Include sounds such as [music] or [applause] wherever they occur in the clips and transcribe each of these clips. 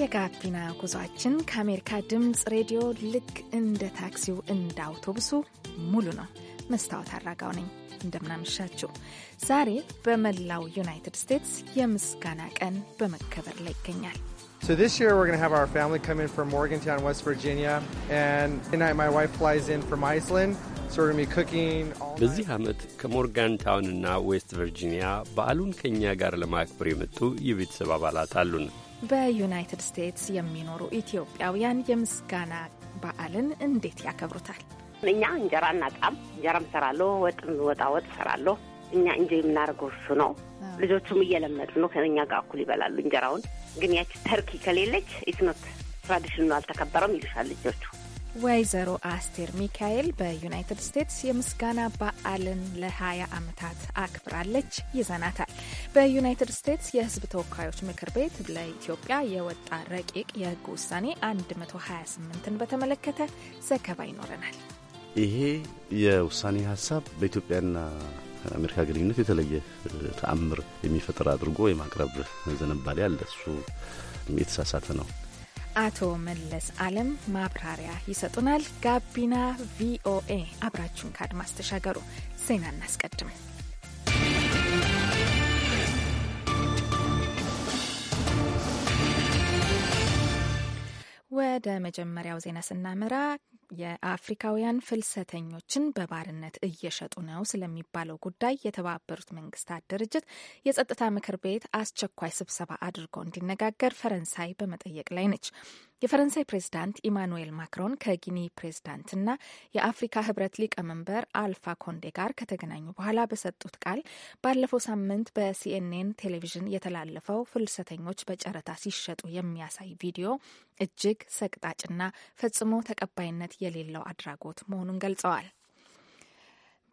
የጋቢና ጉዟችን ከአሜሪካ ድምፅ ሬዲዮ ልክ እንደ ታክሲው እንደ አውቶቡሱ ሙሉ ነው። መስታወት አራጋው ነኝ። እንደምናመሻችው ዛሬ በመላው ዩናይትድ ስቴትስ የምስጋና ቀን በመከበር ላይ ይገኛል። So this year we're going to have our family come in from Morgantown, West Virginia, and tonight my wife flies in from Iceland, so we're going to be cooking all night. በዚህ ዓመት ከሞርጋንታውንና ዌስት ቨርጂኒያ በዓሉን ከእኛ ጋር ለማክበር የመጡ የቤተሰብ አባላት አሉን። በዩናይትድ ስቴትስ የሚኖሩ ኢትዮጵያውያን የምስጋና በዓልን እንዴት ያከብሩታል? እኛ እንጀራ እናጣም። እንጀራም ሰራለሁ ወጥም ወጣ ወጥ እኛ እንጂ የምናደርገው እሱ ነው። ልጆቹም እየለመዱ ነው፣ ከኛ ጋር እኩል ይበላሉ እንጀራውን። ግን ያቺ ተርኪ ከሌለች ኢትኖት ትራዲሽኑ አልተከበረም ይልሻል ልጆቹ ወይዘሮ አስቴር ሚካኤል በዩናይትድ ስቴትስ የምስጋና በዓልን ለ20 ዓመታት አክብራለች። ይዘናታል። በዩናይትድ ስቴትስ የሕዝብ ተወካዮች ምክር ቤት ለኢትዮጵያ የወጣ ረቂቅ የሕግ ውሳኔ 128ን በተመለከተ ዘገባ ይኖረናል። ይሄ የውሳኔ ሀሳብ በኢትዮጵያና አሜሪካ ግንኙነት የተለየ ተአምር የሚፈጥር አድርጎ የማቅረብ ዝንባሌ አለ። እሱ የተሳሳተ ነው። አቶ መለስ አለም ማብራሪያ ይሰጡናል። ጋቢና ቪኦኤ አብራችሁን ከአድማስ ተሻገሩ። ዜና እናስቀድም። ወደ መጀመሪያው ዜና ስናመራ የአፍሪካውያን ፍልሰተኞችን በባርነት እየሸጡ ነው ስለሚባለው ጉዳይ የተባበሩት መንግስታት ድርጅት የጸጥታ ምክር ቤት አስቸኳይ ስብሰባ አድርጎ እንዲነጋገር ፈረንሳይ በመጠየቅ ላይ ነች። የፈረንሳይ ፕሬዝዳንት ኢማኑኤል ማክሮን ከጊኒ ና የአፍሪካ ህብረት ሊቀመንበር አልፋ ኮንዴ ጋር ከተገናኙ በኋላ በሰጡት ቃል ባለፈው ሳምንት በሲኤንኤን ቴሌቪዥን የተላለፈው ፍልሰተኞች በጨረታ ሲሸጡ የሚያሳይ ቪዲዮ እጅግ ሰቅጣጭና ፈጽሞ ተቀባይነት የሌለው አድራጎት መሆኑን ገልጸዋል።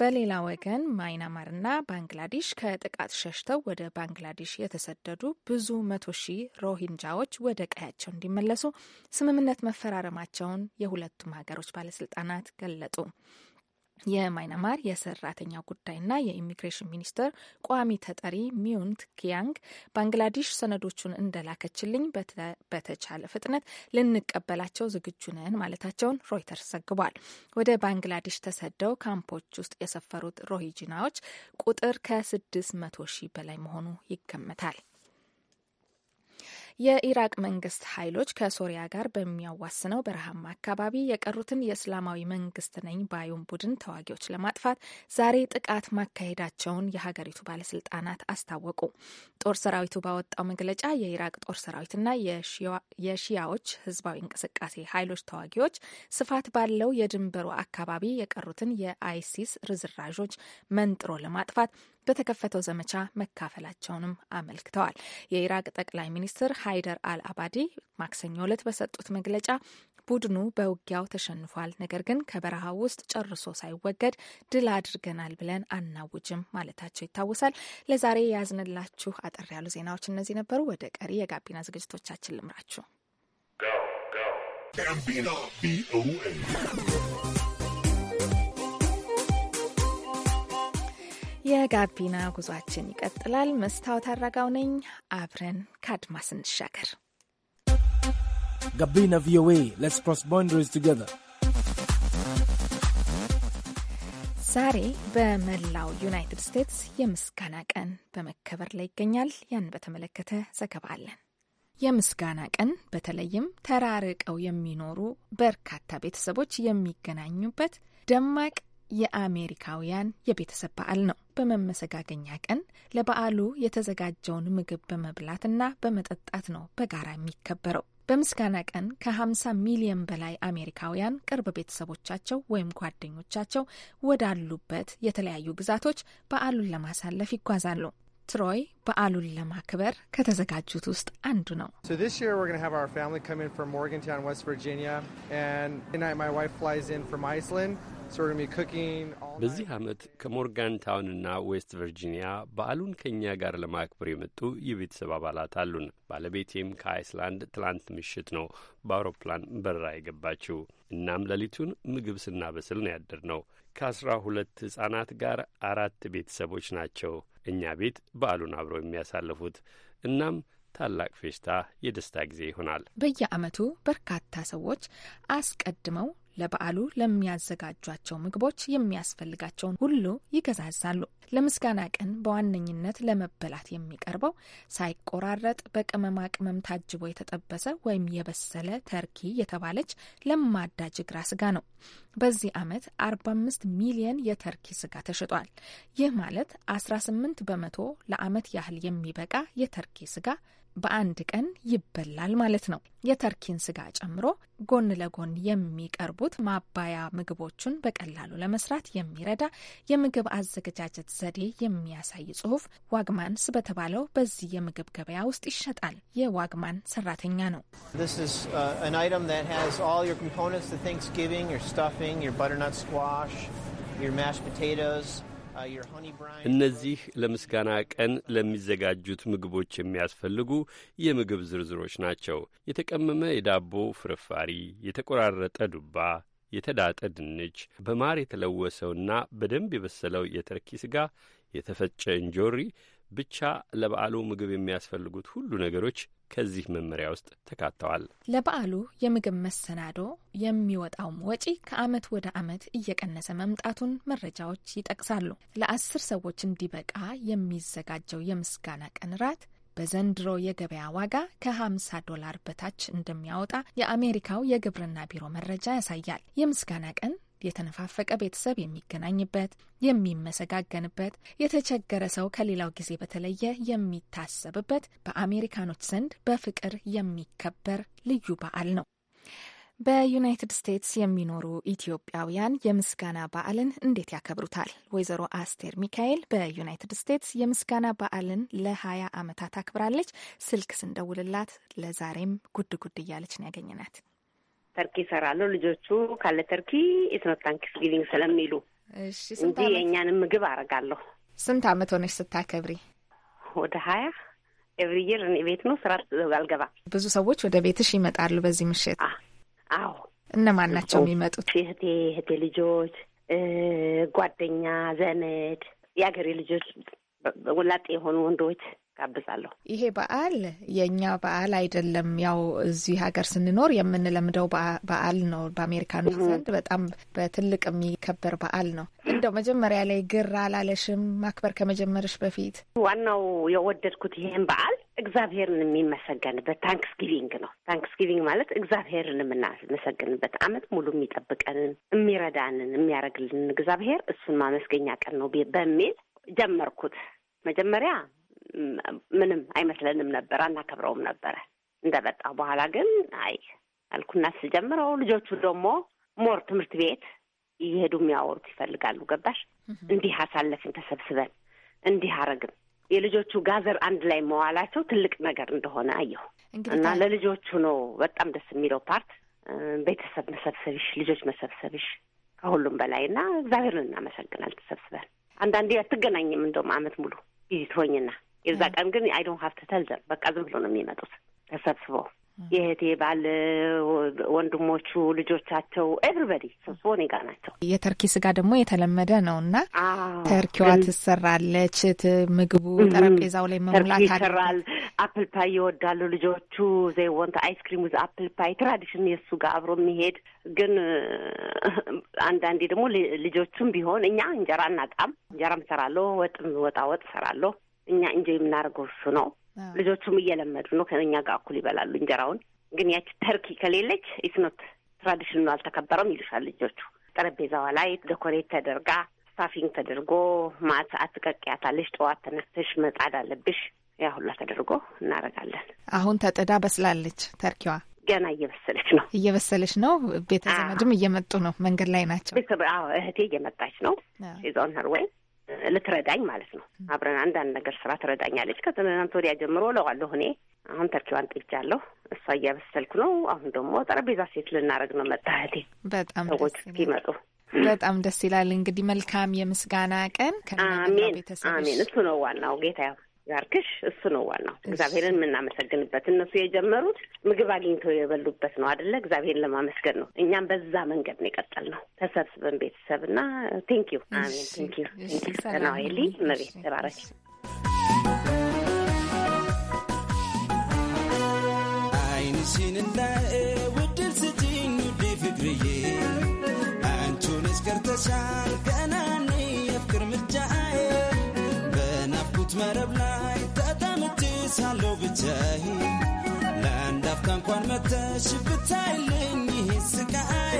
በሌላ ወገን ማይናማርና ባንግላዴሽ ከጥቃት ሸሽተው ወደ ባንግላዴሽ የተሰደዱ ብዙ መቶ ሺህ ሮሂንጃዎች ወደ ቀያቸው እንዲመለሱ ስምምነት መፈራረማቸውን የሁለቱም ሀገሮች ባለስልጣናት ገለጡ። የማይናማር የሰራተኛ ጉዳይና የኢሚግሬሽን ሚኒስቴር ቋሚ ተጠሪ ሚዩንት ኪያንግ ባንግላዴሽ ሰነዶቹን እንደላከችልኝ በተቻለ ፍጥነት ልንቀበላቸው ዝግጁ ነን ማለታቸውን ሮይተርስ ዘግቧል። ወደ ባንግላዴሽ ተሰደው ካምፖች ውስጥ የሰፈሩት ሮሂጂናዎች ቁጥር ከስድስት መቶ ሺህ በላይ መሆኑ ይገመታል። የኢራቅ መንግስት ኃይሎች ከሶሪያ ጋር በሚያዋስነው በረሃማ አካባቢ የቀሩትን የእስላማዊ መንግስት ነኝ ባዩን ቡድን ተዋጊዎች ለማጥፋት ዛሬ ጥቃት ማካሄዳቸውን የሀገሪቱ ባለስልጣናት አስታወቁ። ጦር ሰራዊቱ ባወጣው መግለጫ የኢራቅ ጦር ሰራዊትና የሺያዎች ህዝባዊ እንቅስቃሴ ኃይሎች ተዋጊዎች ስፋት ባለው የድንበሩ አካባቢ የቀሩትን የአይሲስ ርዝራዦች መንጥሮ ለማጥፋት በተከፈተው ዘመቻ መካፈላቸውንም አመልክተዋል። የኢራቅ ጠቅላይ ሚኒስትር ሃይደር አል አባዲ ማክሰኞ ዕለት በሰጡት መግለጫ ቡድኑ በውጊያው ተሸንፏል፣ ነገር ግን ከበረሃ ውስጥ ጨርሶ ሳይወገድ ድል አድርገናል ብለን አናውጅም ማለታቸው ይታወሳል። ለዛሬ ያዝንላችሁ አጠር ያሉ ዜናዎች እነዚህ ነበሩ። ወደ ቀሪ የጋቢና ዝግጅቶቻችን ልምራችሁ። የጋቢና ጉዟችን ይቀጥላል። መስታወት አረጋው ነኝ። አብረን ከአድማስ እንሻገር። ጋቢና ቪኦኤ ሌትስ ክሮስ ቦንደሪስ ቱጌዘር። ዛሬ በመላው ዩናይትድ ስቴትስ የምስጋና ቀን በመከበር ላይ ይገኛል። ያን በተመለከተ ዘገባ አለን። የምስጋና ቀን በተለይም ተራርቀው የሚኖሩ በርካታ ቤተሰቦች የሚገናኙበት ደማቅ የአሜሪካውያን የቤተሰብ በዓል ነው። በመመሰጋገኛ ቀን ለበዓሉ የተዘጋጀውን ምግብ በመብላትና በመጠጣት ነው በጋራ የሚከበረው። በምስጋና ቀን ከ50 ሚሊዮን በላይ አሜሪካውያን ቅርብ ቤተሰቦቻቸው ወይም ጓደኞቻቸው ወዳሉበት የተለያዩ ግዛቶች በዓሉን ለማሳለፍ ይጓዛሉ። ትሮይ በዓሉን ለማክበር ከተዘጋጁት ውስጥ አንዱ ነው። በዚህ ዓመት ከሞርጋን ታውንና ዌስት ቨርጂኒያ በዓሉን ከእኛ ጋር ለማክበር የመጡ የቤተሰብ አባላት አሉን። ባለቤቴም ከአይስላንድ ትላንት ምሽት ነው በአውሮፕላን በረራ የገባችው። እናም ሌሊቱን ምግብ ስናበስል ነው ያደር ነው። ከአስራ ሁለት ሕፃናት ጋር አራት ቤተሰቦች ናቸው እኛ ቤት በዓሉን አብረው የሚያሳልፉት እናም ታላቅ ፌሽታ የደስታ ጊዜ ይሆናል። በየዓመቱ በርካታ ሰዎች አስቀድመው ለበዓሉ ለሚያዘጋጇቸው ምግቦች የሚያስፈልጋቸውን ሁሉ ይገዛዛሉ። ለምስጋና ቀን በዋነኝነት ለመበላት የሚቀርበው ሳይቆራረጥ በቅመማ ቅመም ታጅቦ የተጠበሰ ወይም የበሰለ ተርኪ የተባለች ለማዳ ጅግራ ስጋ ነው። በዚህ ዓመት 45 ሚሊየን የተርኪ ስጋ ተሽጧል። ይህ ማለት 18 በመቶ ለዓመት ያህል የሚበቃ የተርኪ ስጋ በአንድ ቀን ይበላል ማለት ነው። የተርኪን ስጋ ጨምሮ ጎን ለጎን የሚቀርቡት ማባያ ምግቦቹን በቀላሉ ለመስራት የሚረዳ የምግብ አዘገጃጀት ዘዴ የሚያሳይ ጽሑፍ ዋግማንስ በተባለው በዚህ የምግብ ገበያ ውስጥ ይሸጣል። የዋግማን ሰራተኛ ነው። እነዚህ ለምስጋና ቀን ለሚዘጋጁት ምግቦች የሚያስፈልጉ የምግብ ዝርዝሮች ናቸው። የተቀመመ የዳቦ ፍርፋሪ፣ የተቆራረጠ ዱባ፣ የተዳጠ ድንች፣ በማር የተለወሰውና በደንብ የበሰለው የተርኪ ስጋ፣ የተፈጨ እንጆሪ ብቻ ለበዓሉ ምግብ የሚያስፈልጉት ሁሉ ነገሮች ከዚህ መመሪያ ውስጥ ተካተዋል። ለበዓሉ የምግብ መሰናዶ የሚወጣውም ወጪ ከዓመት ወደ ዓመት እየቀነሰ መምጣቱን መረጃዎች ይጠቅሳሉ። ለአስር ሰዎች እንዲበቃ የሚዘጋጀው የምስጋና ቀን ራት በዘንድሮ የገበያ ዋጋ ከ50 ዶላር በታች እንደሚያወጣ የአሜሪካው የግብርና ቢሮ መረጃ ያሳያል። የምስጋና ቀን የተነፋፈቀ ቤተሰብ የሚገናኝበት፣ የሚመሰጋገንበት፣ የተቸገረ ሰው ከሌላው ጊዜ በተለየ የሚታሰብበት፣ በአሜሪካኖች ዘንድ በፍቅር የሚከበር ልዩ በዓል ነው። በዩናይትድ ስቴትስ የሚኖሩ ኢትዮጵያውያን የምስጋና በዓልን እንዴት ያከብሩታል? ወይዘሮ አስቴር ሚካኤል በዩናይትድ ስቴትስ የምስጋና በዓልን ለሀያ ዓመታት አክብራለች። ስልክ ስንደውልላት ለዛሬም ጉድ ጉድ እያለች ነው ያገኘናት። ተርኪ ይሰራሉ ልጆቹ ካለ ተርኪ ኢትኖት ታንክስ ጊቪንግ ስለሚሉ እንጂ የእኛንም ምግብ አረጋለሁ። ስንት አመት ሆነች ስታከብሪ? ወደ ሀያ ኤቭሪ ይር እኔ ቤት ነው ስራ አልገባ። ብዙ ሰዎች ወደ ቤትሽ ይመጣሉ በዚህ ምሽት? አዎ። እነማን ናቸው የሚመጡት? እህቴ እህቴ ልጆች፣ ጓደኛ፣ ዘመድ፣ የአገሬ ልጆች፣ ወላጤ የሆኑ ወንዶች ጋብዛለሁ። ይሄ በዓል የእኛ በዓል አይደለም። ያው እዚህ ሀገር ስንኖር የምንለምደው በዓል ነው። በአሜሪካኖች ዘንድ በጣም በትልቅ የሚከበር በዓል ነው። እንደው መጀመሪያ ላይ ግር አላለሽም? ማክበር ከመጀመርሽ በፊት ዋናው የወደድኩት ይሄን በዓል እግዚአብሔርን የሚመሰገንበት ታንክስ ጊቪንግ ነው። ታንክስ ጊቪንግ ማለት እግዚአብሔርን የምናመሰግንበት አመት ሙሉ የሚጠብቀንን፣ የሚረዳንን፣ የሚያደርግልንን እግዚአብሔር እሱን ማመስገኛ ቀን ነው በሚል ጀመርኩት መጀመሪያ ምንም አይመስለንም ነበር፣ አናከብረውም ነበረ። እንደመጣ በኋላ ግን አይ አልኩና ስጀምረው ልጆቹ ደግሞ ሞር ትምህርት ቤት እየሄዱ የሚያወሩት ይፈልጋሉ። ገባሽ? እንዲህ አሳለፍን ተሰብስበን እንዲህ አረግን። የልጆቹ ጋዘር አንድ ላይ መዋላቸው ትልቅ ነገር እንደሆነ አየሁ እና ለልጆቹ ነው በጣም ደስ የሚለው ፓርት ቤተሰብ መሰብሰብሽ፣ ልጆች መሰብሰብሽ ከሁሉም በላይ እና እግዚአብሔርን እናመሰግናል። ተሰብስበን አንዳንዴ አትገናኝም እንደውም አመት ሙሉ ቢዚ ትሆኝና የዛ ቀን ግን አይ ዶንት ሀቭ ቱ ተል ዘም በቃ ዝም ብሎ ነው የሚመጡት ተሰብስበው የእህቴ ባል፣ ወንድሞቹ፣ ልጆቻቸው ኤቭሪበዲ ሰብስቦ እኔ ጋ ናቸው። የተርኪ ስጋ ደግሞ የተለመደ ነው እና ተርኪዋ ትሰራለች። ምግቡ ጠረጴዛው ላይ መሙላት ይሰራል። አፕል ፓይ ይወዳሉ ልጆቹ። ዘይ ወንት አይስክሪም ዝ አፕል ፓይ ትራዲሽን የእሱ ጋር አብሮ የሚሄድ ግን [laughs] አንዳንዴ ደግሞ ልጆቹም ቢሆን እኛ እንጀራ እናጣም። እንጀራም እሰራለሁ፣ ወጥም ወጣ ወጥ እሰራለሁ እኛ እንጂ የምናደርገው እሱ ነው። ልጆቹም እየለመዱ ነው። ከኛ ጋር እኩል ይበላሉ እንጀራውን። ግን ያች ተርኪ ከሌለች ኢትኖት ትራዲሽኑ አልተከበረም ይሉሻል ልጆቹ። ጠረጴዛዋ ላይ ዶኮሬት ተደርጋ ስታፊንግ ተደርጎ ማት አትቀቅያታለሽ። ጠዋት ተነስተሽ መጣድ አለብሽ። ያ ሁላ ተደርጎ እናደርጋለን። አሁን ተጥዳ በስላለች ተርኪዋ ገና እየበሰለች ነው። እየበሰለች ነው። ቤተዘመድም እየመጡ ነው። መንገድ ላይ ናቸው። እህቴ እየመጣች ነው። ዞን ሄር ልትረዳኝ ማለት ነው። አብረን አንዳንድ ነገር ስራ ትረዳኛለች። ከትናንት ወዲያ ጀምሮ ለዋለሁ እኔ አሁን ተርኪዋን ጥጃለሁ። እሷ እያበሰልኩ ነው። አሁን ደግሞ ጠረጴዛ ሴት ልናደርግ ነው። መታህቴ በጣም ሰዎች እስኪመጡ በጣም ደስ ይላል። እንግዲህ መልካም የምስጋና ቀን። አሜን አሜን። እሱ ነው ዋናው ጌታ ያርክሽ እሱ ነው ዋናው። እግዚአብሔርን የምናመሰግንበት እነሱ የጀመሩት ምግብ አግኝተው የበሉበት ነው አደለ? እግዚአብሔርን ለማመስገን ነው። እኛም በዛ መንገድ ነው የቀጠል ነው ተሰብስበን ቤተሰብ እና ቴንኪዩ አሜን ቴንኪዩ ተናዋይሊ መቤት ተባረች። ዓይንሽን እንዳየ ውድል ስጪኝ ውዴ ፍቅርዬ አንቺ ሆነሽ ገና አለው ብቻዬ ለአንድ አፍታ እንኳን መተሽ ብታይልኝ ይህ ስቃይ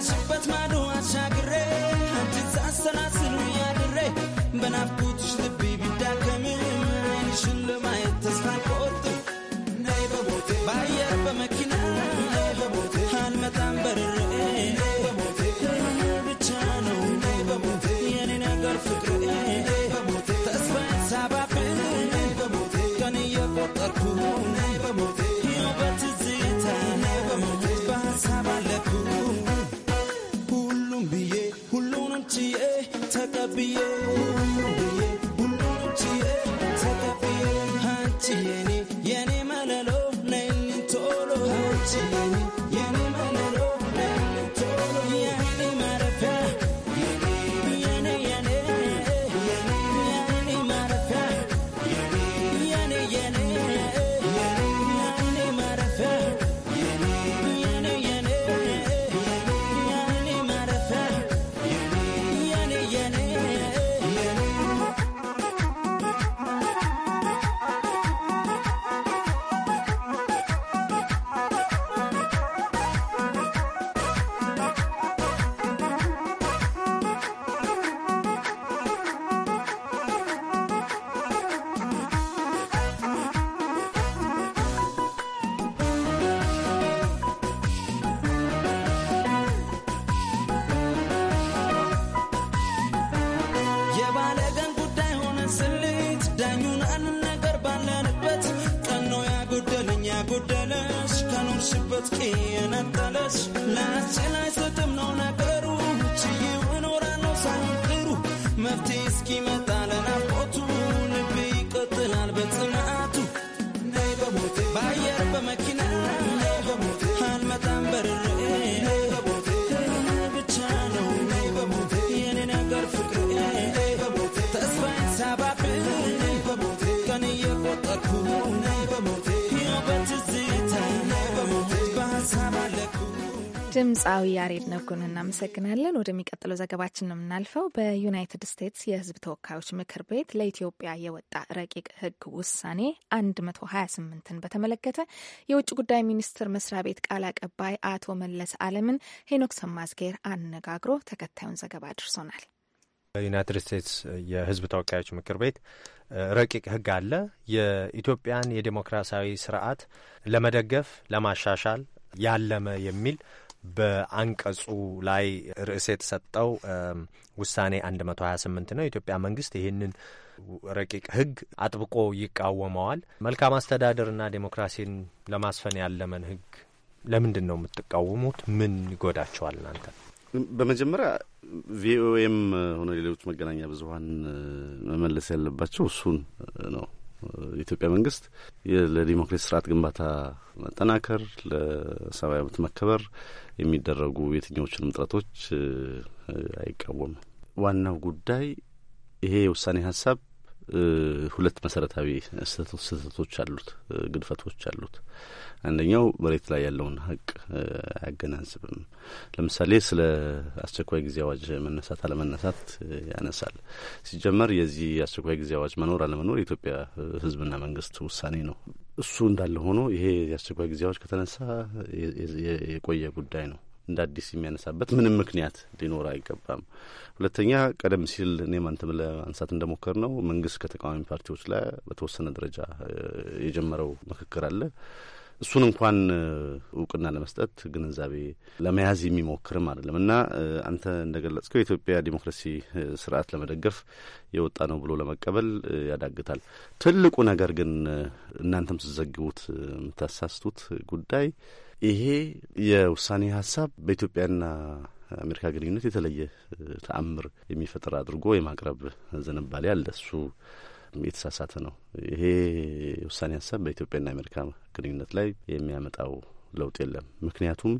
Super Smart I've been ድምፃዊ ያሬድ ነጉን እናመሰግናለን። ወደሚቀጥለው ዘገባችን ነው የምናልፈው። በዩናይትድ ስቴትስ የሕዝብ ተወካዮች ምክር ቤት ለኢትዮጵያ የወጣ ረቂቅ ሕግ ውሳኔ 128ን በተመለከተ የውጭ ጉዳይ ሚኒስትር መስሪያ ቤት ቃል አቀባይ አቶ መለስ አለምን ሄኖክ ሰማዝጌር አነጋግሮ ተከታዩን ዘገባ አድርሶናል። በዩናይትድ ስቴትስ የሕዝብ ተወካዮች ምክር ቤት ረቂቅ ሕግ አለ። የኢትዮጵያን የዴሞክራሲያዊ ስርዓት ለመደገፍ ለማሻሻል ያለመ የሚል በአንቀጹ ላይ ርዕስ የተሰጠው ውሳኔ 128 ነው። የኢትዮጵያ መንግስት ይህንን ረቂቅ ህግ አጥብቆ ይቃወመዋል። መልካም አስተዳደርና ዴሞክራሲን ለማስፈን ያለመን ህግ ለምንድን ነው የምትቃወሙት? ምን ይጎዳቸዋል? እናንተ በመጀመሪያ ቪኦኤም ሆነ ሌሎች መገናኛ ብዙሀን መመለስ ያለባቸው እሱን ነው። የኢትዮጵያ መንግስት ለዲሞክራሲ ስርዓት ግንባታ መጠናከር፣ ለሰብአዊ መብት መከበር የሚደረጉ የትኛዎቹንም ጥረቶች አይቃወምም። ዋናው ጉዳይ ይሄ የውሳኔ ሀሳብ ሁለት መሰረታዊ ስህተቶች አሉት፣ ግድፈቶች አሉት። አንደኛው መሬት ላይ ያለውን ሀቅ አያገናዝብም። ለምሳሌ ስለ አስቸኳይ ጊዜ አዋጅ መነሳት አለመነሳት ያነሳል። ሲጀመር የዚህ የአስቸኳይ ጊዜ አዋጅ መኖር አለመኖር የኢትዮጵያ ሕዝብና መንግስት ውሳኔ ነው። እሱ እንዳለ ሆኖ ይሄ የአስቸኳይ ጊዜ አዋጅ ከተነሳ የቆየ ጉዳይ ነው። እንደ አዲስ የሚያነሳበት ምንም ምክንያት ሊኖር አይገባም። ሁለተኛ ቀደም ሲል እኔም አንተም ለአንሳት እንደሞከር ነው መንግስት ከተቃዋሚ ፓርቲዎች ላይ በተወሰነ ደረጃ የጀመረው ምክክር አለ። እሱን እንኳን እውቅና ለመስጠት ግንዛቤ ለመያዝ የሚሞክርም አይደለም እና አንተ እንደ ገለጽከው የኢትዮጵያ ዲሞክራሲ ስርዓት ለመደገፍ የወጣ ነው ብሎ ለመቀበል ያዳግታል። ትልቁ ነገር ግን እናንተም ስትዘግቡት የምታሳስቱት ጉዳይ ይሄ የውሳኔ ሀሳብ በኢትዮጵያና አሜሪካ ግንኙነት የተለየ ተአምር የሚፈጥር አድርጎ የማቅረብ ዝንባሌ አለ። እሱ የተሳሳተ ነው። ይሄ ውሳኔ ሀሳብ በኢትዮጵያና አሜሪካ ግንኙነት ላይ የሚያመጣው ለውጥ የለም። ምክንያቱም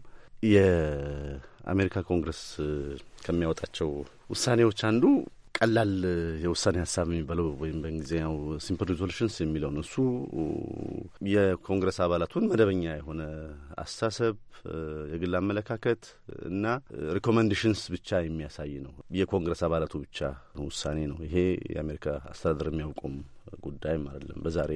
የአሜሪካ ኮንግረስ ከሚያወጣቸው ውሳኔዎች አንዱ ቀላል የውሳኔ ሀሳብ የሚባለው ወይም በእንግሊዝኛው ሲምፕል ሪዞሉሽንስ የሚለው እሱ የኮንግረስ አባላቱን መደበኛ የሆነ አስተሳሰብ፣ የግል አመለካከት እና ሪኮመንዴሽንስ ብቻ የሚያሳይ ነው። የኮንግረስ አባላቱ ብቻ ውሳኔ ነው። ይሄ የአሜሪካ አስተዳደር የሚያውቁም ጉዳይም አይደለም። በዛሬ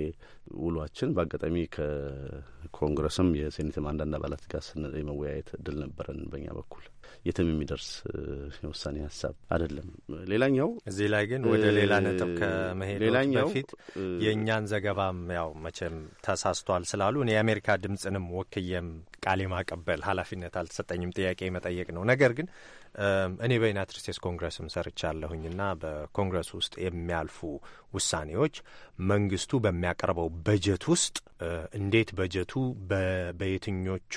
ውሏችን በአጋጣሚ ከኮንግረስም የሴኔትም አንዳንድ አባላት ጋር የመወያየት እድል ነበረን። በእኛ በኩል የትም የሚደርስ የውሳኔ ሀሳብ አይደለም። ሌላኛው እዚህ ላይ ግን ወደ ሌላ ነጥብ ከመሄድ በፊት የእኛን ዘገባም ያው መቼም ተሳስቷል ስላሉ እኔ የአሜሪካ ድምጽንም ወክየም ቃሌ ማቀበል ኃላፊነት አልተሰጠኝም ጥያቄ መጠየቅ ነው። ነገር ግን እኔ በዩናይትድ ስቴትስ ኮንግረስም ሰርቻለሁኝና በኮንግረስ ውስጥ የሚያልፉ ውሳኔዎች መንግስቱ በሚያቀርበው በጀት ውስጥ uh, እንዴት በጀቱ በየትኞቹ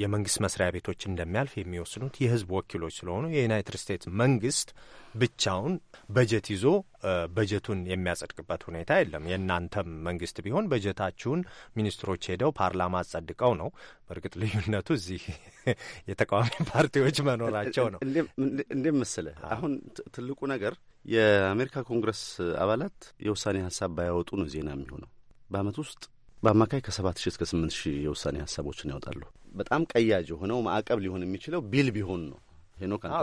የመንግስት መስሪያ ቤቶች እንደሚያልፍ የሚወስኑት የህዝብ ወኪሎች ስለሆኑ የዩናይትድ ስቴትስ መንግስት ብቻውን በጀት ይዞ በጀቱን የሚያጸድቅበት ሁኔታ የለም። የእናንተም መንግስት ቢሆን በጀታችሁን ሚኒስትሮች ሄደው ፓርላማ አጸድቀው ነው። በእርግጥ ልዩነቱ እዚህ [laughs] የተቃዋሚ ፓርቲዎች መኖራቸው ነው። እንዴም መሰለህ አሁን ትልቁ ነገር የአሜሪካ ኮንግረስ አባላት የውሳኔ ሀሳብ ባያወጡ ነው ዜና የሚሆነው በአመት ውስጥ በአማካይ ከሰባት ሺህ እስከ ስምንት ሺህ የውሳኔ ሀሳቦችን ያወጣሉ። በጣም ቀያጅ የሆነው ማዕቀብ ሊሆን የሚችለው ቢል ቢሆን ነው።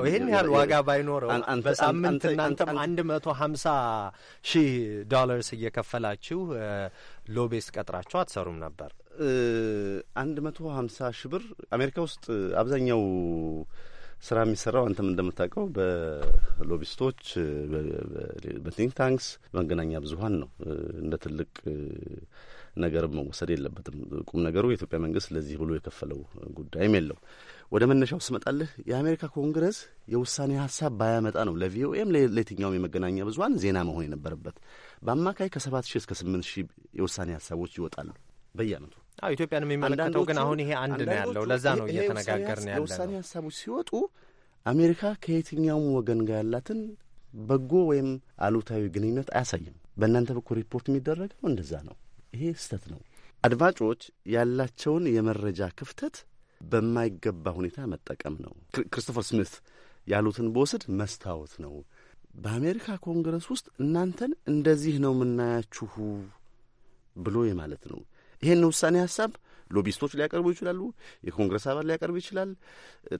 ይህን ያህል ዋጋ ባይኖረው በሳምንት እናንተም አንድ መቶ ሀምሳ ሺህ ዶላርስ እየከፈላችሁ ሎቤስ ቀጥራችሁ አትሰሩም ነበር። አንድ መቶ ሀምሳ ሺ ብር አሜሪካ ውስጥ አብዛኛው ስራ የሚሰራው አንተም እንደምታውቀው በሎቢስቶች፣ በቲንክ ታንክስ፣ መገናኛ ብዙሀን ነው እንደ ትልቅ ነገር መወሰድ የለበትም። ቁም ነገሩ የኢትዮጵያ መንግስት ለዚህ ብሎ የከፈለው ጉዳይም የለው። ወደ መነሻው ስመጣልህ የአሜሪካ ኮንግረስ የውሳኔ ሀሳብ ባያመጣ ነው ለቪኦኤም ለየትኛውም የመገናኛ ብዙሀን ዜና መሆን የነበረበት። በአማካይ ከሰባት ሺህ እስከ ስምንት ሺህ የውሳኔ ሀሳቦች ይወጣሉ በየአመቱ። አዎ ኢትዮጵያን የሚመለከተው ግን አሁን ይሄ አንድ ነው ያለው። ለዛ ነው እየተነጋገርን ያለ። የውሳኔ ሀሳቦች ሲወጡ አሜሪካ ከየትኛውም ወገን ጋር ያላትን በጎ ወይም አሉታዊ ግንኙነት አያሳይም። በእናንተ በኩል ሪፖርት የሚደረገው እንደዛ ነው። ይሄ ስህተት ነው። አድማጮች ያላቸውን የመረጃ ክፍተት በማይገባ ሁኔታ መጠቀም ነው። ክሪስቶፈር ስሚት ያሉትን በወስድ መስታወት ነው። በአሜሪካ ኮንግረስ ውስጥ እናንተን እንደዚህ ነው የምናያችሁ ብሎ የማለት ነው። ይሄን ውሳኔ ሀሳብ ሎቢስቶች ሊያቀርቡ ይችላሉ። የኮንግረስ አባል ሊያቀርቡ ይችላል።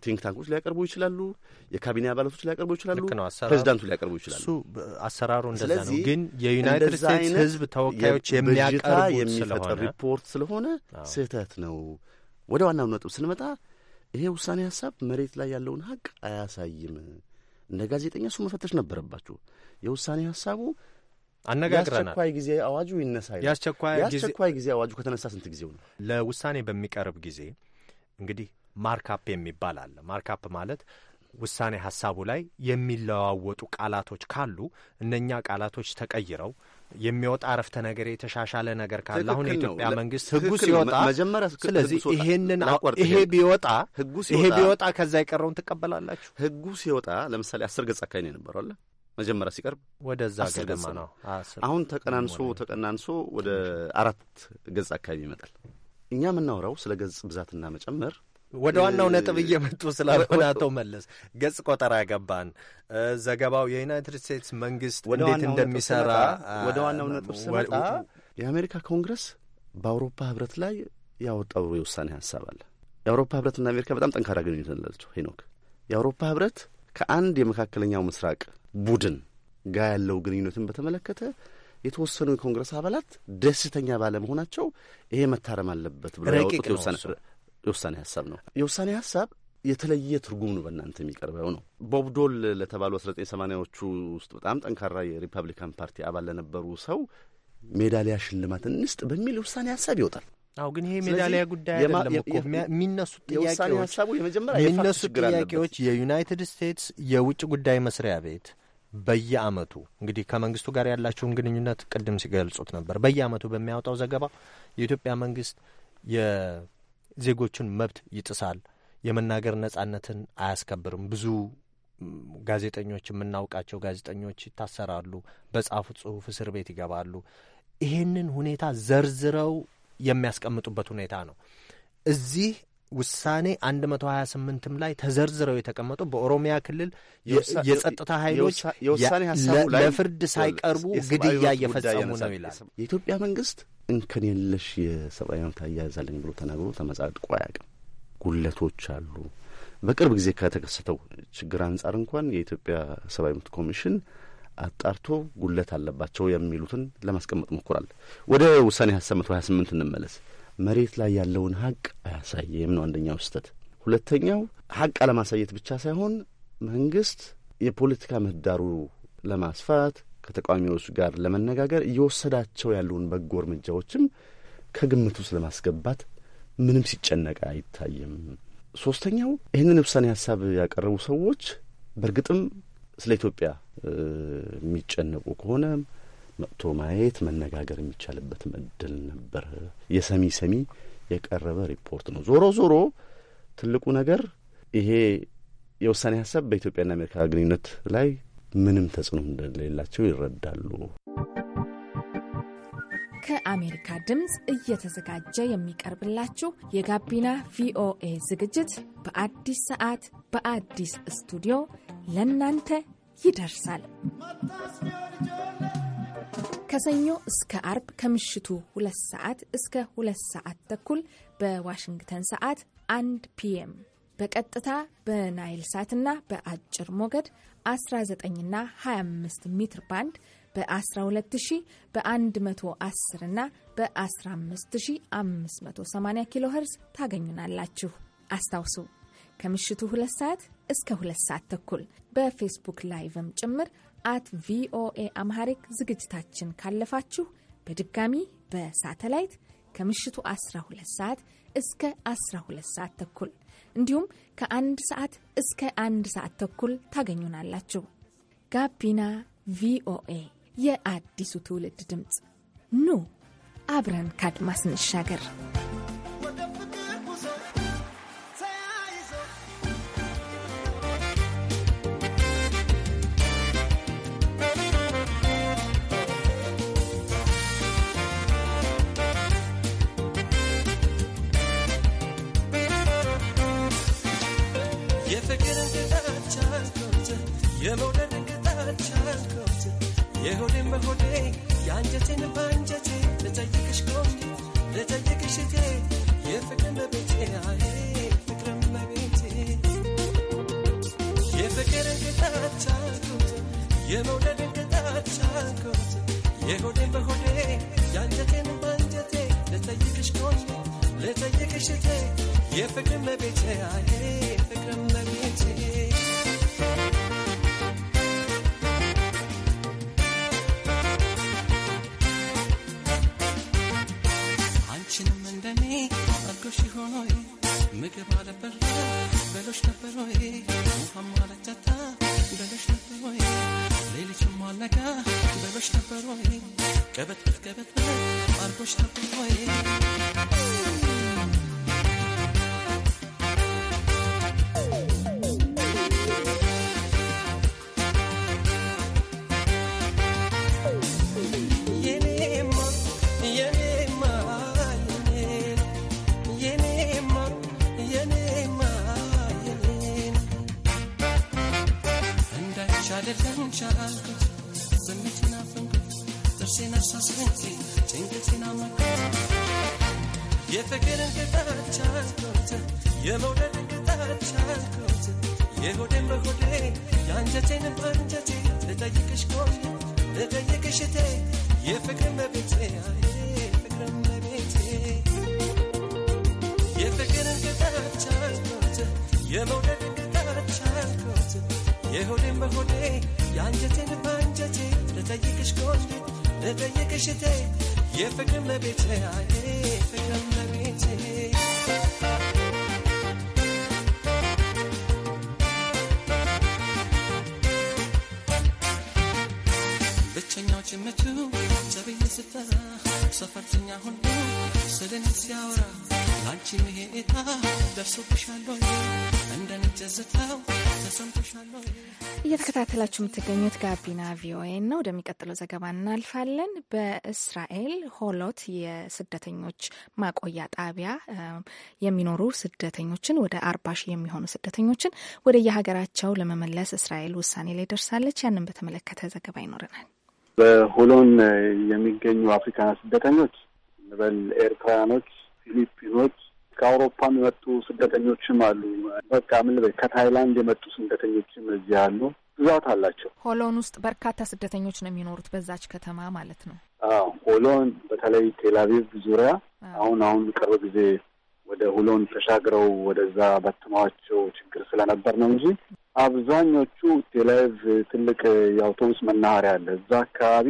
ቲንክ ታንኮች ሊያቀርቡ ይችላሉ። የካቢኔ አባላቶች ሊያቀርቡ ይችላሉ። ፕሬዚዳንቱ ሊያቀርቡ ይችላሉ። አሰራሩ እንደዛ ነው። ግን የዩናይትድ ስቴትስ ህዝብ ተወካዮች የሚያቀርቡ የሚፈጠር ሪፖርት ስለሆነ ስህተት ነው። ወደ ዋናው ነጥብ ስንመጣ ይሄ ውሳኔ ሀሳብ መሬት ላይ ያለውን ሀቅ አያሳይም። እንደ ጋዜጠኛ እሱ መፈተሽ ነበረባችሁ። የውሳኔ ሀሳቡ አነጋግረናል። የአስቸኳይ ጊዜ አዋጁ ይነሳ የአስቸኳይ ጊዜ አዋጁ ከተነሳ ስንት ጊዜው ነው? ለውሳኔ በሚቀርብ ጊዜ እንግዲህ ማርካፕ የሚባል አለ። ማርካፕ ማለት ውሳኔ ሀሳቡ ላይ የሚለዋወጡ ቃላቶች ካሉ እነኛ ቃላቶች ተቀይረው የሚወጣ አረፍተ ነገር የተሻሻለ ነገር ካለ አሁን የኢትዮጵያ መንግስት ህጉ ሲወጣ ስለዚህ ይሄንን ይሄ ቢወጣ ይሄ ቢወጣ ከዛ የቀረውን ትቀበላላችሁ። ህጉ ሲወጣ ለምሳሌ አስር ገጽ አካባቢ ነው የነበረው አለ መጀመሪያ ሲቀርብ ወደዛ ገደማ ነው። አሁን ተቀናንሶ ተቀናንሶ ወደ አራት ገጽ አካባቢ ይመጣል። እኛ የምናወራው ስለ ገጽ ብዛትና መጨመር ወደ ዋናው ነጥብ እየመጡ ስላልሆነ አቶ መለስ ገጽ ቆጠራ ገባን። ዘገባው የዩናይትድ ስቴትስ መንግስት እንዴት እንደሚሰራ ወደ ዋናው ነጥብ ስመጣ የአሜሪካ ኮንግረስ በአውሮፓ ህብረት ላይ ያወጣው የውሳኔ ሀሳብ አለ። የአውሮፓ ህብረትና አሜሪካ በጣም ጠንካራ ግንኙነት አላቸው። ሄኖክ የአውሮፓ ህብረት ከአንድ የመካከለኛው ምስራቅ ቡድን ጋር ያለው ግንኙነትን በተመለከተ የተወሰኑ የኮንግረስ አባላት ደስተኛ ባለመሆናቸው ይሄ መታረም አለበት ብሎ ያወጡት የውሳኔ ሀሳብ ነው። የውሳኔ ሀሳብ የተለየ ትርጉም ነው በእናንተ የሚቀርበው ነው። ቦብ ዶል ለተባሉ አስራ ዘጠኝ ሰማኒያዎቹ ውስጥ በጣም ጠንካራ የሪፐብሊካን ፓርቲ አባል ለነበሩ ሰው ሜዳሊያ ሽልማት እንስጥ በሚል የውሳኔ ሀሳብ ይወጣል። አዎ ግን ይሄ ሜዳሊያ ጉዳይ አይደለም እኮ የሚነሱት ጥያቄዎች የሚነሱት ጥያቄዎች የዩናይትድ ስቴትስ የውጭ ጉዳይ መስሪያ ቤት በየአመቱ እንግዲህ ከመንግስቱ ጋር ያላቸውን ግንኙነት ቅድም ሲገልጹት ነበር። በየአመቱ በሚያወጣው ዘገባ የኢትዮጵያ መንግስት የዜጎቹን መብት ይጥሳል፣ የመናገር ነጻነትን አያስከብርም፣ ብዙ ጋዜጠኞች የምናውቃቸው ጋዜጠኞች ይታሰራሉ፣ በጻፉት ጽሁፍ እስር ቤት ይገባሉ። ይሄንን ሁኔታ ዘርዝረው የሚያስቀምጡበት ሁኔታ ነው። እዚህ ውሳኔ 128ም ላይ ተዘርዝረው የተቀመጡ በኦሮሚያ ክልል የጸጥታ ኃይሎች ለፍርድ ሳይቀርቡ ግድያ እየፈጸሙ ነው ይላል። የኢትዮጵያ መንግስት እንከን የለሽ የሰብአዊ መብት አያያዛለኝ ብሎ ተናግሮ ተመጻድቆ አያውቅም። ጉለቶች አሉ። በቅርብ ጊዜ ከተከሰተው ችግር አንጻር እንኳን የኢትዮጵያ ሰብአዊ መብት ኮሚሽን አጣርቶ ጉለት አለባቸው የሚሉትን ለማስቀመጥ ሞክሯል። ወደ ውሳኔ ሀሳብ መቶ ሀያ ስምንት እንመለስ። መሬት ላይ ያለውን ሀቅ አያሳየም ነው አንደኛው ስህተት። ሁለተኛው ሀቅ አለማሳየት ብቻ ሳይሆን መንግስት የፖለቲካ ምህዳሩ ለማስፋት ከተቃዋሚዎች ጋር ለመነጋገር እየወሰዳቸው ያለውን በጎ እርምጃዎችም ከግምት ውስጥ ለማስገባት ምንም ሲጨነቅ አይታይም። ሶስተኛው ይህንን ውሳኔ ሀሳብ ያቀረቡ ሰዎች በእርግጥም ስለ ኢትዮጵያ የሚጨነቁ ከሆነ መጥቶ ማየት መነጋገር የሚቻልበት እድል ነበር። የሰሚ ሰሚ የቀረበ ሪፖርት ነው። ዞሮ ዞሮ ትልቁ ነገር ይሄ የውሳኔ ሀሳብ በኢትዮጵያና አሜሪካ ግንኙነት ላይ ምንም ተጽዕኖ እንደሌላቸው ይረዳሉ። ከአሜሪካ ድምፅ እየተዘጋጀ የሚቀርብላችሁ የጋቢና ቪኦኤ ዝግጅት በአዲስ ሰዓት በአዲስ ስቱዲዮ ለእናንተ ይደርሳል። ከሰኞ እስከ አርብ ከምሽቱ ሁለት ሰዓት እስከ ሁለት ሰዓት ተኩል በዋሽንግተን ሰዓት አንድ ፒኤም በቀጥታ በናይል ሳትና በአጭር ሞገድ 19ና 25 ሜትር ባንድ በ12000 በ110 እና በ15580 ኪሎ ኸርዝ ታገኙናላችሁ። አስታውሱ ከምሽቱ 2 ሰዓት እስከ 2 ሰዓት ተኩል በፌስቡክ ላይቭም ጭምር አት ቪኦኤ አምሃሪክ ዝግጅታችን ካለፋችሁ በድጋሚ በሳተላይት ከምሽቱ 12 ሰዓት እስከ 12 ሰዓት ተኩል እንዲሁም ከአንድ ሰዓት እስከ አንድ ሰዓት ተኩል ታገኙናላችሁ። ጋቢና ቪኦኤ የአዲሱ ትውልድ ድምፅ ኑ አብረን ካድማስ እንሻገር። የሆዴን በሆዴ የአንጀቴን በአንጀቴ ልጠይቅሽ ቆንጆ ልጠይቅሽ እቴ የፍቅርን በቤቴ አይ እንጀቴንም እንጀቴ ልጠይቅሽ ቆይ ልጠይቅሽ እቴ የፍቅርን በቤቴ የፍቅርን በቤቴ የፍቅርን ቅጣጫ አልኩት የመውደድን የሆዴን በሆዴ የአንጀቴን በአንጀቴ ልጠይቅሽ ልጠይቅሽ እቴ ብቸኛው ጭምቱ ዘብዬ ስጠራ ሰፈርተኛ ሁሉ ስለኔ ሲያወራ ላንቺ ይሄ እንደ እየተከታተላችሁ የምትገኙት ጋቢና ቪኦኤ ነው። ወደሚቀጥለው ዘገባ እናልፋለን። በእስራኤል ሆሎት የስደተኞች ማቆያ ጣቢያ የሚኖሩ ስደተኞችን ወደ አርባ ሺህ የሚሆኑ ስደተኞችን ወደ የሀገራቸው ለመመለስ እስራኤል ውሳኔ ላይ ደርሳለች። ያንን በተመለከተ ዘገባ ይኖረናል። በሆሎን የሚገኙ አፍሪካን ስደተኞች እንበል ኤርትራያኖች፣ ፊሊፒኖች ከአውሮፓም የመጡ ስደተኞችም አሉ። በቃ ምን ልበል ከታይላንድ የመጡ ስደተኞችም እዚህ አሉ። ብዛት አላቸው። ሆሎን ውስጥ በርካታ ስደተኞች ነው የሚኖሩት በዛች ከተማ ማለት ነው። ሆሎን፣ በተለይ ቴላቪቭ ዙሪያ አሁን አሁን ቅርብ ጊዜ ወደ ሁሎን ተሻግረው ወደዛ በትማቸው ችግር ስለነበር ነው እንጂ አብዛኞቹ ቴላይቭ ትልቅ የአውቶቡስ መናኸሪያ አለ። እዛ አካባቢ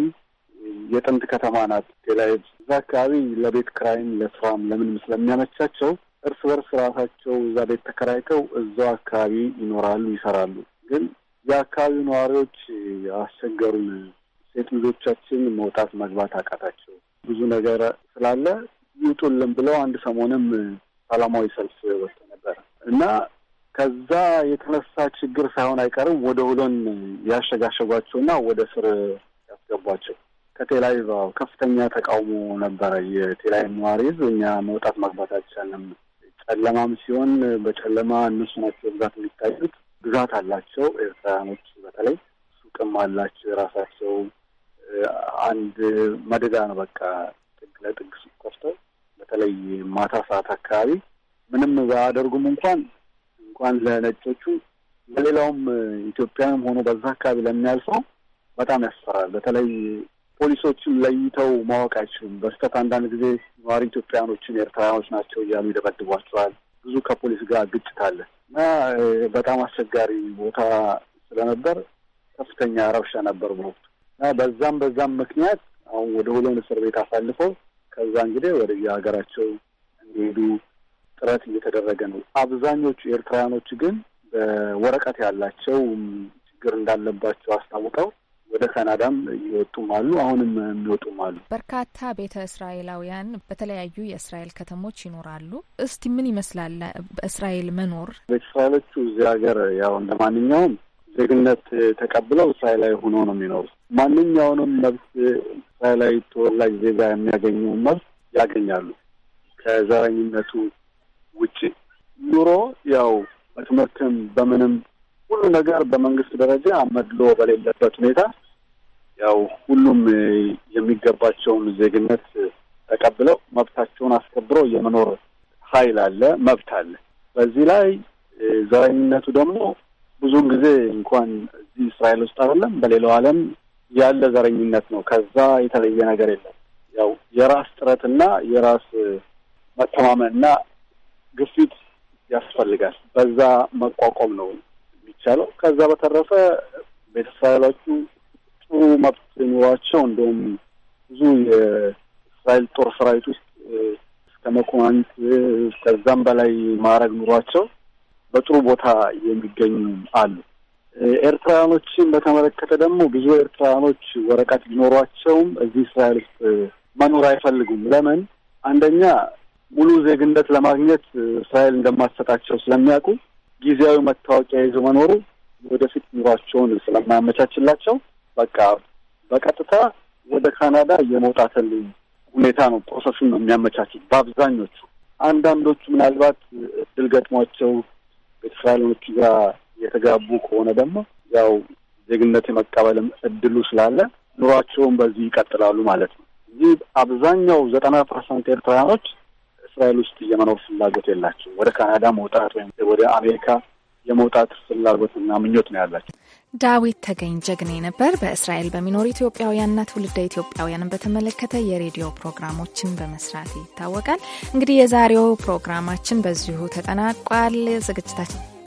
የጥንት ከተማ ናት ቴላይቭ። እዛ አካባቢ ለቤት ክራይም ለስራም ለምንም ስለሚያመቻቸው እርስ በርስ ራሳቸው እዛ ቤት ተከራይተው እዛው አካባቢ ይኖራሉ፣ ይሰራሉ። ግን የአካባቢው ነዋሪዎች አስቸገሩን፣ ሴት ልጆቻችን መውጣት መግባት አቃታቸው፣ ብዙ ነገር ስላለ ይውጡልን ብለው አንድ ሰሞንም ሰላማዊ ሰልፍ ወጥቶ ነበር እና ከዛ የተነሳ ችግር ሳይሆን አይቀርም ወደ ሁሎን ያሸጋሸጓቸውና ወደ ስር ያስገቧቸው። ከቴላቪቭ ከፍተኛ ተቃውሞ ነበረ። የቴላቪቭ ነዋሪ ህዝብ እኛ መውጣት መግባት አይቻልም፣ ጨለማም ሲሆን በጨለማ እነሱ ናቸው ብዛት የሚታዩት። ብዛት አላቸው ኤርትራውያኖች፣ በተለይ ሱቅም አላቸው የራሳቸው። አንድ መደዳ ነው በቃ ጥግ ለጥግ ሱቅ ከፍተው በተለይ ማታ ሰዓት አካባቢ ምንም ባያደርጉም እንኳን እንኳን ለነጮቹ ለሌላውም ኢትዮጵያም ሆኖ በዛ አካባቢ ለሚያልፈው በጣም ያስፈራል። በተለይ ፖሊሶችን ለይተው ማወቅ አይችሉም። በስተት አንዳንድ ጊዜ ነዋሪ ኢትዮጵያኖችን ኤርትራያኖች ናቸው እያሉ ይደበድቧቸዋል። ብዙ ከፖሊስ ጋር ግጭት አለ እና በጣም አስቸጋሪ ቦታ ስለነበር ከፍተኛ ረብሻ ነበር በወቅቱ እና በዛም በዛም ምክንያት አሁን ወደ ሁሉን እስር ቤት አሳልፈው ከዛ እንግዲህ ወደ የሀገራቸው እንዲሄዱ ጥረት እየተደረገ ነው። አብዛኞቹ ኤርትራውያኖች ግን በወረቀት ያላቸው ችግር እንዳለባቸው አስታውቀው ወደ ካናዳም እየወጡም አሉ። አሁንም የሚወጡም አሉ። በርካታ ቤተ እስራኤላውያን በተለያዩ የእስራኤል ከተሞች ይኖራሉ። እስቲ ምን ይመስላል በእስራኤል መኖር? ቤተ እስራኤሎቹ እዚህ ሀገር ያው እንደ ማንኛውም ዜግነት ተቀብለው እስራኤላዊ ሆኖ ነው የሚኖሩ። ማንኛውንም መብት እስራኤላዊ ተወላጅ ዜጋ የሚያገኘውን መብት ያገኛሉ። ከዘረኝነቱ ውጪ ኑሮ ያው በትምህርትም በምንም ሁሉ ነገር በመንግስት ደረጃ አመድሎ በሌለበት ሁኔታ ያው ሁሉም የሚገባቸውን ዜግነት ተቀብለው መብታቸውን አስከብረው የመኖር ኃይል አለ፣ መብት አለ። በዚህ ላይ ዘረኝነቱ ደግሞ ብዙውን ጊዜ እንኳን እዚህ እስራኤል ውስጥ አይደለም በሌላው ዓለም ያለ ዘረኝነት ነው። ከዛ የተለየ ነገር የለም። ያው የራስ ጥረትና የራስ መተማመንና ግፊት ያስፈልጋል። በዛ መቋቋም ነው የሚቻለው። ከዛ በተረፈ ቤተሰቦቹ ጥሩ መብት ኑሯቸው እንደውም ብዙ የእስራኤል ጦር ሰራዊት ውስጥ እስከ መኮናኒት ከዛም በላይ ማዕረግ ኑሯቸው በጥሩ ቦታ የሚገኙ አሉ። ኤርትራውያኖችን በተመለከተ ደግሞ ብዙ ኤርትራውያኖች ወረቀት ቢኖሯቸውም እዚህ እስራኤል ውስጥ መኖር አይፈልጉም። ለምን? አንደኛ ሙሉ ዜግነት ለማግኘት እስራኤል እንደማትሰጣቸው ስለሚያውቁ ጊዜያዊ መታወቂያ ይዞ መኖሩ ወደፊት ኑሯቸውን ስለማያመቻችላቸው በቃ በቀጥታ ወደ ካናዳ የመውጣትን ሁኔታ ነው ፕሮሰሱን ነው የሚያመቻችል በአብዛኞቹ። አንዳንዶቹ ምናልባት እድል ገጥሟቸው ከእስራኤሎቹ ጋር የተጋቡ ከሆነ ደግሞ ያው ዜግነት የመቀበልም እድሉ ስላለ ኑሯቸውን በዚህ ይቀጥላሉ ማለት ነው። እዚህ አብዛኛው ዘጠና ፐርሰንት ኤርትራውያኖች እስራኤል ውስጥ የመኖር ፍላጎት የላቸው። ወደ ካናዳ መውጣት ወይም ወደ አሜሪካ የመውጣት ፍላጎትና ምኞት ነው ያላቸው። ዳዊት ተገኝ ጀግኔ ነበር። በእስራኤል በሚኖሩ ኢትዮጵያውያንና ትውልደ ኢትዮጵያውያንን በተመለከተ የሬዲዮ ፕሮግራሞችን በመስራት ይታወቃል። እንግዲህ የዛሬው ፕሮግራማችን በዚሁ ተጠናቋል። ዝግጅታችን